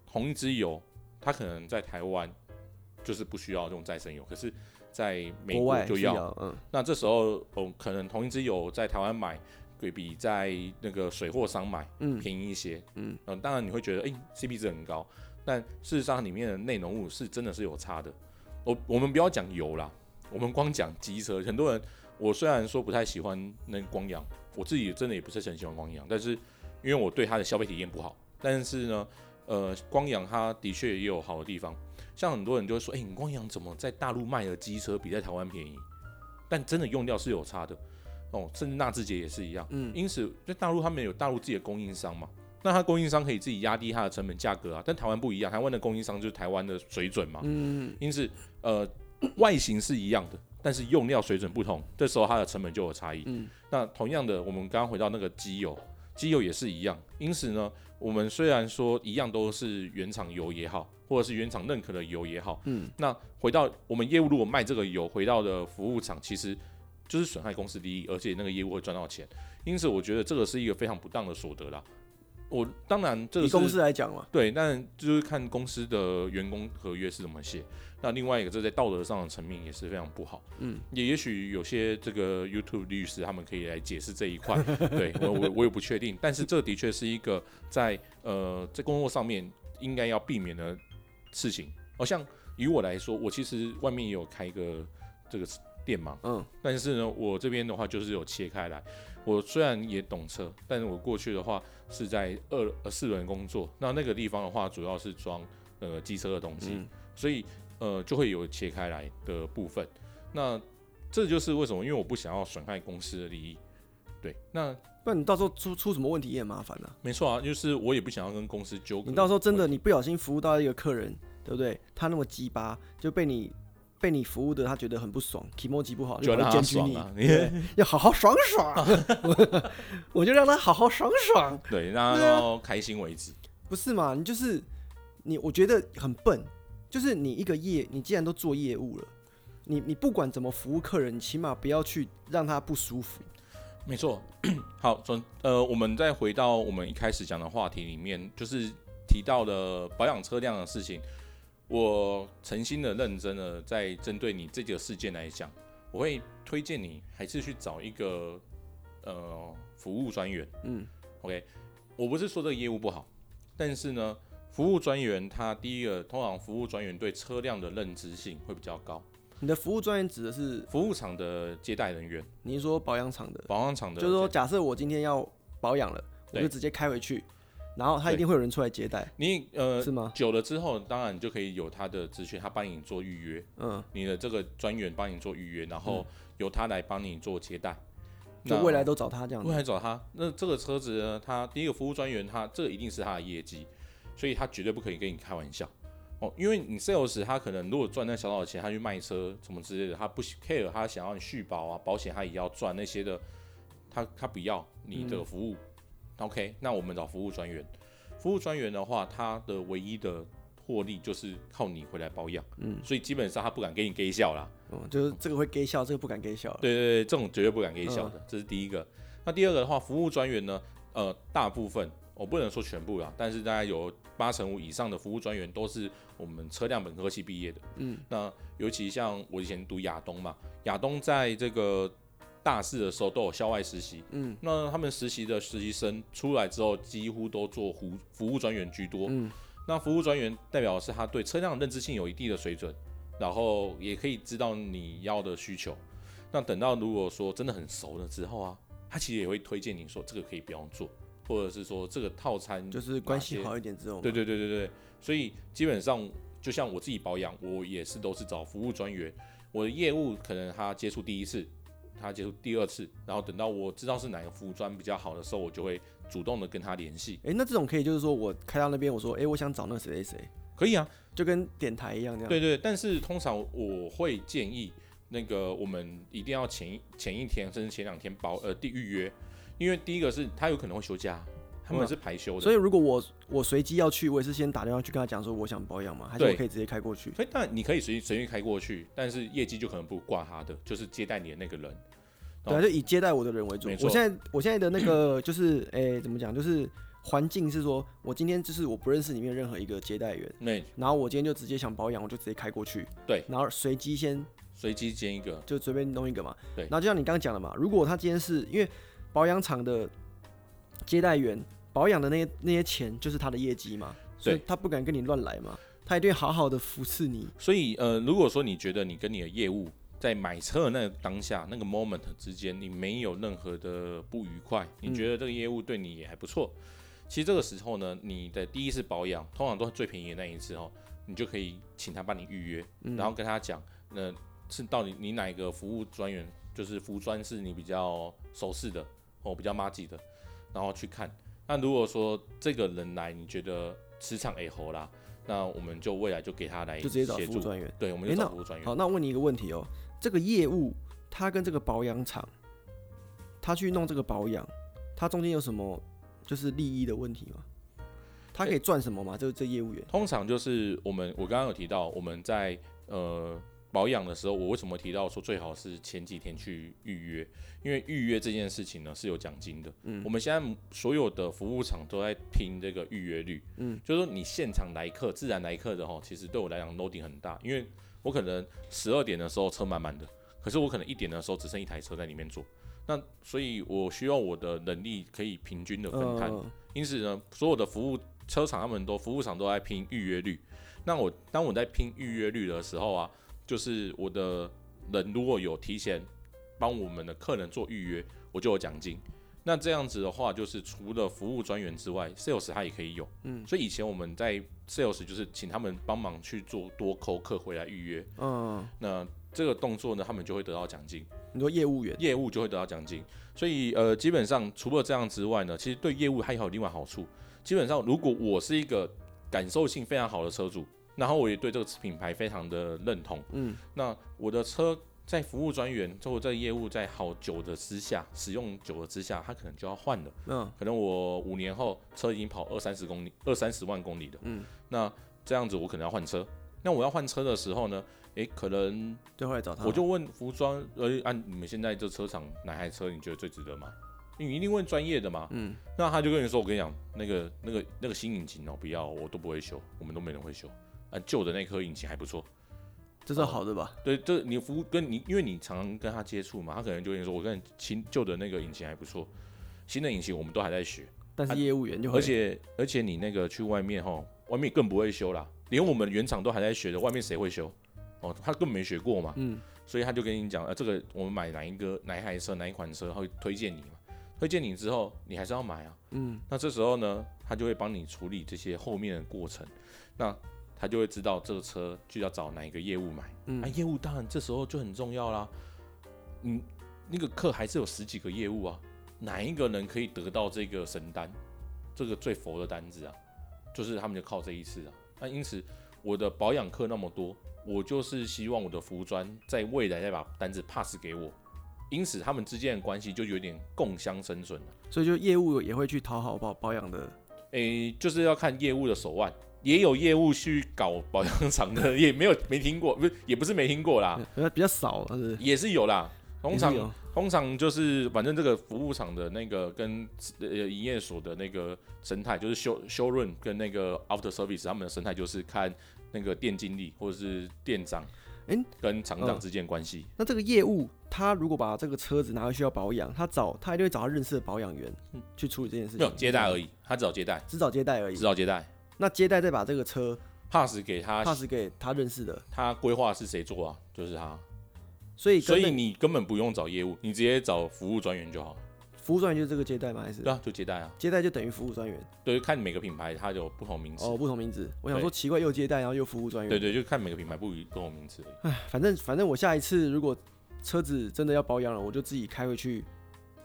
同一支油，它可能在台灣就是不需要用再生油，可是在美國就要。外要嗯、那這時候哦，可能同一支油在台灣買會比在那個水貨商買便宜一些。嗯，嗯嗯當然你會覺得哎、欸、，CP 值很高，但事實上裡面的內容物是真的是有差的。我我們不要講油啦，我們光講機車。很多人，我雖然說不太喜歡那光陽，我自己真的也不是很喜歡光陽，但是因為我對它的消費體驗不好。但是呢，呃，光陽它的確也有好的地方，像很多人就說，哎、欸，你光陽怎麼在大陸賣的機車比在台灣便宜？但真的用料是有差的哦，甚至納智捷也是一樣。嗯，因此在大陸他們有大陸自己的供應商嘛。那它供應商可以自己壓低它的成本價格啊，但台灣不一樣，台灣的供應商就是台灣的水準嘛。嗯。因此，呃，外形是一樣的，但是用料水準不同，這時候它的成本就有差異。嗯。那同樣的，我們剛剛回到那個機油，機油也是一樣。因此呢，我們雖然說一樣都是原廠油也好，或者是原廠認可的油也好。嗯。那回到我們業務，如果賣這個油，回到的服務廠，其實就是損害公司利益，而且那個業務會賺到錢。因此，我覺得這個是一個非常不當的所得啦。我當然這個是以公司來講嘛，對，但就是看公司的員工合約是怎麼寫。那另外一個，這在道德上的層面也是非常不好。嗯，也也許有些這個 YouTube 律師他們可以來解釋這一塊。 對，我我，我也不確定。但是這的確是一個在呃在工作上面應該要避免的事情。好、哦、像以我來說，我其實外面也有開一個這個。電嘛，嗯，但是呢，我這邊的話就是有切開來。我雖然也懂車，但是我過去的話是在二呃四輪工作，那那個地方的話主要是裝呃機車的東西，嗯，所以呃就會有切開來的部分。那這就是為什麼，因為我不想要損害公司的利益。對，那不然你到時候出出什麼問題也很麻煩了啊。沒錯啊，就是我也不想要跟公司糾葛。你到時候真的你不小心服務到一個客人，對不對？他那麼雞巴就被你。被你服務的他覺得很不爽，Kimochi 不好，就讓他爽爽。啊，你 Yeah 要好好爽爽， 我就讓他好好爽爽，對，讓他開心為止。啊。不是嘛？你就是你，我覺得很笨，就是你一個業，你既然都做業務了，你你不管怎麼服務客人，你起碼不要去讓他不舒服。沒錯 。好，呃，我們再回到我們一開始講的話題裡面，就是提到的保養車輛的事情。我誠心的、認真的在針對你這幾個事件來講，我會推薦你還是去找一個呃服務專員。嗯，OK，我不是說這個業務不好，但是呢，服務專員他第一個，通常服務專員對車輛的認知性會比較高。你的服務專員指的是？服務廠的接待人員。你是說保養廠的？保養廠的。就是說，假設我今天要保養了，對我就直接開回去。然後他一定會有人出來接待你，呃，是嗎？久了之後，當然就可以有他的資訊，他幫你做預約，嗯，你的這個專員幫你做預約，然後由他來幫你做接待，嗯、然後，未來都找他這樣。未來找他，那這個車子呢？他第一個服務專員，他這個、一定是他的業績，所以他絕對不可以跟你開玩笑哦，因為你 sales 他可能如果賺那小小錢，他去賣車什麼之類的，他不 care，他想要你續保啊，保險他也要賺那些的，他他不要你的服務。嗯 OK，那我們找服務專員。服務專員的話，他的唯一的獲利就是靠你回來保養，嗯，所以基本上他不敢給你假笑啦。嗯、哦，就是這個會假笑，這個不敢假笑。對對對，這種絕對不敢假笑的，嗯、這是第一個。那第二個的話，服務專員呢，呃，大部分我不能說全部啦，但是大概有八成五以上的服務專員都是我們車輛本科系畢業的，嗯，那尤其像我以前讀亞東嘛，亞東在這個。大四的時候都有校外實習，嗯，那他們實習的實習生出來之後，幾乎都做服服務專員居多，嗯，那服務專員代表的是他對車輛認知性有一定的水準，然後也可以知道你要的需求，那等到如果說真的很熟了之後啊，他其實也會推薦你說這個可以不用做，或者是說這個套餐就是關係好一點之後，對對對對對，所以基本上就像我自己保養，我也是都是找服務專員，我的業務可能他接觸第一次。他接觸第二次，然後等到我知道是哪個服裝比較好的時候，我就會主動的跟他聯繫。誒，那這種可以，就是說我開到那邊，我說，誒，我想找那誰誰誰，可以啊，就跟點台一樣這樣。對對，但是通常我會建議，那個我們一定要前一前一天甚至前兩天包呃訂預約，因為第一個是他有可能會休假。他們是排休的，所以如果我我隨機要去，我也是先打電話去跟他講說我想保養嘛，還是我可以直接開過去？所以但你可以隨意隨意開過去，但是業績就可能不掛他的，就是接待你的那個人，對啊，就以接待我的人為主。沒錯，我現在我現在的那個就是誒、 欸，怎麼講？就是環境是說我今天就是我不認識裡面任何一個接待員，對，然後我今天就直接想保養，我就直接開過去，對，然後隨機先隨機接一個，就隨便弄一個嘛，對。然後就像你剛剛講的嘛，如果他今天是因為保養廠的。接待員保養的那些那些錢就是他的業績嘛，對所以他不敢跟你亂來嘛，他一定好好的服侍你。所以呃，如果說你覺得你跟你的業務在買車的那個當下那個 moment 之間，你沒有任何的不愉快，你覺得這個業務對你也還不錯，嗯、其實這個時候呢，你的第一次保養通常都是最便宜的那一次哦、喔，你就可以請他幫你預約，嗯、然後跟他講，那是到底你哪一個服務專員，就是服專是你比較熟悉的哦、喔，比較麻吉的。然後去看，那如果說這個人來，你覺得磁場也好啦，那我們就未來就給他來就直接找服務專員，對，我們就找服務專員。欸、好，那我問你一個問題哦，這個業務他跟這個保養廠，他去弄這個保養，他中間有什麼就是利益的問題嗎？他可以賺什麼嗎？欸、這這業務員通常就是我們，我剛剛有提到我們在呃。保養的時候，我為什麼提到說最好是前幾天去預約？因為預約這件事情呢是有獎金的。嗯，我們現在所有的服務廠都在拼這個預約率。嗯，就是說你現場來客、自然來客的哈，其實對我來講 loading 很大，因為我可能十二點的時候車滿滿的，可是我可能一點的時候只剩一台車在裡面坐。那所以，我需要我的能力可以平均的分攤。哦，因此呢，所有的服務車廠他們都服務廠都在拼預約率。那我當我在拼預約率的時候啊。就是我的人如果有提前幫我們的客人做預約，我就有獎金。那這樣子的話，就是除了服務專員之外，sales 他也可以有。嗯，所以以前我們在 sales 就是請他們幫忙去做多扣客回來預約。嗯，那這個動作呢，他們就會得到獎金。你說業務員業務就會得到獎金。所以呃，基本上除了這樣之外呢，其實對業務還有另外好處。基本上如果我是一個感受性非常好的車主。然後我也對這個品牌非常的認同，嗯，那我的車在服務專員之後，在業務在好久的之下，使用久了之下，它可能就要換了，嗯，可能我五年後車已經跑二三十公里，二三十萬公里了，嗯，那這樣子我可能要換車，那我要換車的時候呢，哎，可能就會找他，我就問服裝，呃，按你們現在這車廠哪台車你覺得最值得買？你一定問專業的嘛，嗯，那他就跟你說，我跟你講，那個那個那個新引擎哦，不要，我都不會修，我們都沒人會修。啊，舊的那顆引擎還不錯，這是好的吧？啊？對，這你服務跟你，因為你常常跟他接觸嘛，他可能就跟你說：“我跟新舊的那個引擎還不錯，新的引擎我們都還在學。”但是業務員就會、啊、而且而且你那個去外面哈、哦，外面更不會修啦，連我們原廠都還在學的，外面誰會修？哦，他更沒學過嘛。嗯，所以他就跟你講：“呃、啊，這個我們買哪一個哪一台車哪一款車他會推薦你嘛？推薦你之後，你還是要買啊。”嗯，那這時候呢，他就會幫你處理這些後面的過程。那他就會知道這個車就要找哪一個業務買，那、嗯啊、業務當然這時候就很重要啦。嗯，那個客還是有十幾個業務啊，哪一個人可以得到這個神單，這個最佛的單子啊，就是他們就靠這一次啊。那、啊、因此我的保養客那麼多，我就是希望我的服裝在未來再把單子 pass 給我。因此他們之間的關係就有點共相生存了，所以就業務也會去討好保保養的，哎、欸，就是要看業務的手腕。也有業務去搞保養廠的，也沒有，沒聽過，不是，也不是沒聽過啦，比較少是是，也是有啦。通常通常，就是反正這個服務廠的那個跟呃營業所的那個生態，就是修修潤跟那個 after service 他們的生態，就是看那個店經理或者是店長，跟廠長之間關係，欸哦。那這個業務他如果把這個車子拿回去要保養，他找他一定會找他認識的保養員、嗯、去處理這件事情，沒有接待而已，他只找接待，只找接待而已，只找接待。那接待再把這個車 pass 給他，pass 給他認識的。他規劃是誰做啊？就是他。所以所以你根本不用找業務，你直接找服務專員就好。服務專員就是這個接待嗎？還是？對啊，就接待啊。接待就等於服務專員。對，看每個品牌它有不同名字。哦，不同名字。我想說奇怪，對又接待，然後又服務專員。對，對對，就看每個品牌不一不同名字。哎，反正反正我下一次如果車子真的要保養了，我就自己開回去，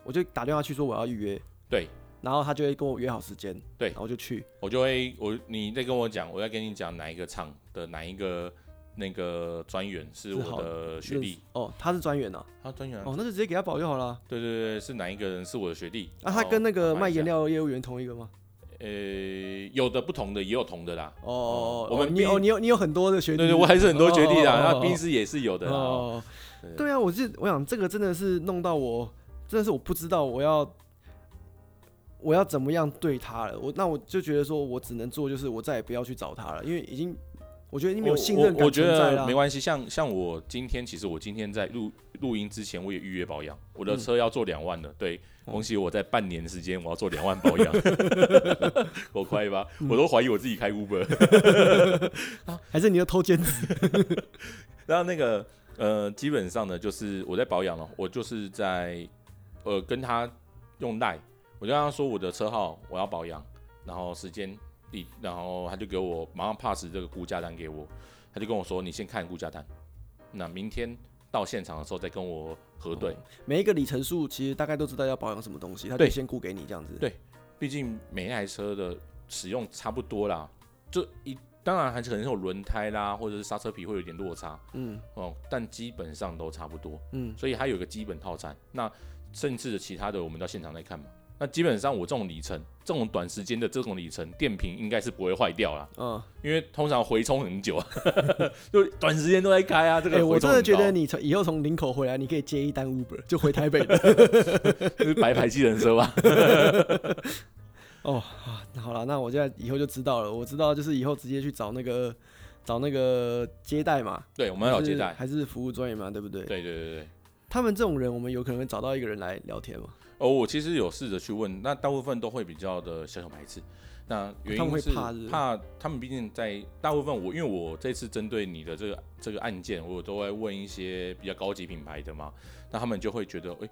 我就打電話去說我要預約。對。然後他就會跟我約好時間，對，然後就去，我就會我你在跟我講，我再跟你講哪一個廠的哪一個那個專員是我的學弟哦，他是專員，呃、啊，他專員，啊、哦，那就直接給他保就好了，啊。對，對對對，是哪一個人是我的學弟？那後，啊、他跟那個賣顏料業務員同一個嗎？呃、啊，有的不同的，也有同的啦。哦，哦，哦，哦，哦，我們跟你有你有你有很多的學弟，對對，我還是很多學弟啦。那，哦哦哦哦哦，B 師也是有的啦。哦，哦，哦，哦，對，對啊，我是我想這個真的是弄到我真的是我不知道我要。我要怎麼樣對他了？我那我就覺得說，我只能做，就是我再也不要去找他了，因為已經我覺得你沒有信任感我。我覺得沒關係，像像我今天，其實我今天在錄錄音之前，我也預約保養，我的車要做兩萬的。嗯、對，恭喜我在半年時間我要做兩萬保養，我、嗯、 快吧？我都懷疑我自己開 Uber、嗯。 啊，還是你要偷兼職。然後那個呃，基本上呢，就是我在保養了，我就是在呃跟他用賴。我就跟他說我的車號，我要保養，然後時間，你，然後他就給我馬上 pass 這個估價單給我，他就跟我說你先看估價單，那明天到現場的時候再跟我核對、哦、每一個里程數，其實大概都知道要保養什麼東西，他就先估給你這樣子。對，畢竟每一台車的使用差不多啦，這一當然還可能有輪胎啦，或者是剎車皮會有點落差，嗯，哦，但基本上都差不多，嗯，所以它有個基本套餐，那甚至其他的我們到現場來看嘛。那基本上我這種里程，這種短時間的這種里程，電瓶應該是不會壞掉啦。嗯，因為通常回充很久，啊， 就短時間都在開啊。這個、欸、我真的覺得你從以後從林口回來，你可以接一單 Uber 就回台北了，白牌計程車吧。哦，那好了，那我現在以後就知道了。我知道，就是以後直接去找那個找那個接待嘛。對，我們要找接待，是還是服務專員嘛，對不對？對對對對，他們這種人，我們有可能會找到一個人來聊天嘛。哦，我其實有試着去問，那大部分都會比較的小小牌子，那原因是怕他們畢竟在大部分我，因為我這次針對你的這個這個案件，我都會問一些比較高級品牌的嘛，那他們就會覺得，哎、欸，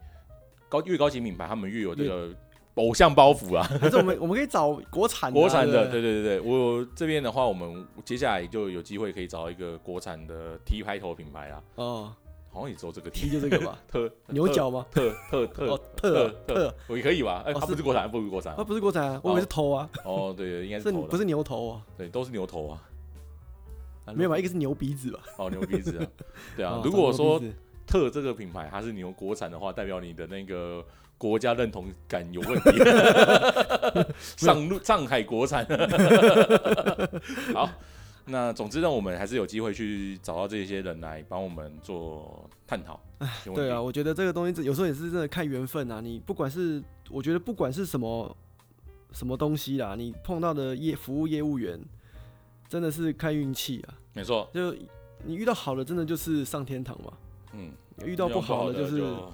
高越高級品牌他們越有這個偶像包袱啊，可、嗯、 是我們我們可以找國產、啊、國產的，對對，對對對，我這邊的話，我們接下來就有機會可以找一個國產的 T 拍頭品牌啊，哦。好像也做這個，提就這個吧，特牛角嗎？特特特，哦，特特，也可以吧？哎，它不是國產，不是國產，它不是國產，我以為是頭啊。哦，對，應該是頭。不是牛頭啊？對，都是牛頭啊。沒有吧？一個是牛鼻子吧？哦，牛鼻子，啊。對啊。如果說特這個品牌，它是牛，用國產的話，代表你的那個國家認同感有問題。上路上海國產，好。那總之呢，我們還是有機會去找到這些人來幫我們做探討。唉題對啊，我覺得這個東西有時候也是真的看緣分啊。你不管是我覺得不管是什麼什麼東西啦，你碰到的業服務業務員真的是看運氣啊。沒錯，就你遇到好的，真的就是上天堂嘛。嗯，遇到不好的就是就，的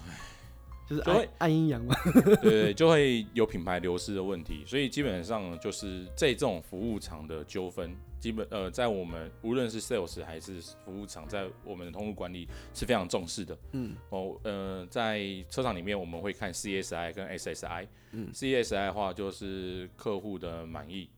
就，就是愛愛會陰陽嘛。對，對， 就會有品牌流失的問題。所以基本上就是這種服務廠的糾紛。基本呃，在我們無論是 sales 還是服務廠，在我們的通路管理是非常重視的。嗯，呃，在車廠裡面我們會看 CSI 跟 SSI，嗯。嗯，CSI 的話就是客戶的滿意，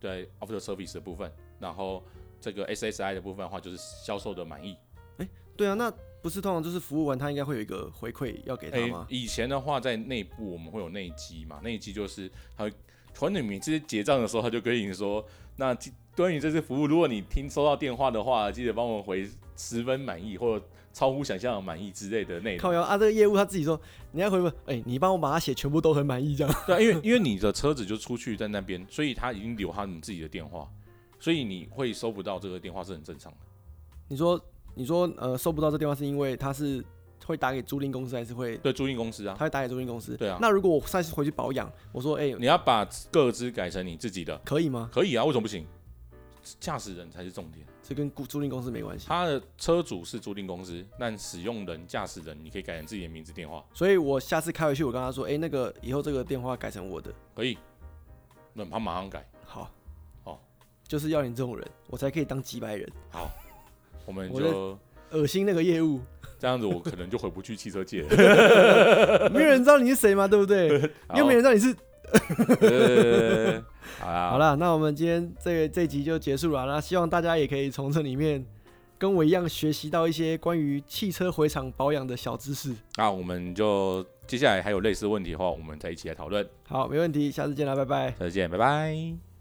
在 after service 的部分，然後這個 SSI 的部分的話就是銷售的滿意。誒、欸，對啊，那不是通常就是服務完他應該會有一個回饋要給他嗎？欸？以前的話在內部我們會有內機嘛，內機就是他團隊名字結賬的時候他就跟你說那。關於這次服務，如果你聽收到電話的話，記得幫我回十分滿意或者超乎想象滿意之類的內容。靠腰啊，這個業務他自己說，你要回問，哎，你幫我把它寫全部都很滿意這樣。對，因為因為你的車子就出去在那邊，所以他已經留下你自己的電話，所以你會收不到這個電話是很正常的。你說你說呃，收不到這電話是因為他是會打給租賃公司，還是會？對，租賃公司啊。他會打給租賃公司。對啊，那如果我再次回去保養，我說哎，你要把個資改成你自己的，可以嗎？可以啊，為什麼不行？駕駛人才是重點，這跟租賃公司沒關係。他的車主是租賃公司，但使用人、駕駛人你可以改成自己的名字、電話。所以我下次開回去，我跟他說，哎、欸，那個以後這個電話改成我的。可以，那他馬上改。好，好，就是要你這種人，我才可以當幾百人。好，我們就噁心那個業務。這樣子我可能就回不去汽車界了，沒有人知道你是誰嗎？對不對？ 好又沒人知道你是。好啦， 好啦。那我們今天這這集就結束了。那希望大家也可以從這裡面跟我一樣學習到一些關於汽車回廠保養的小知識。那我們就接下來還有類似問題的話，我們再一起來討論。好，沒問題，下次見啦，拜拜。下次見，拜拜。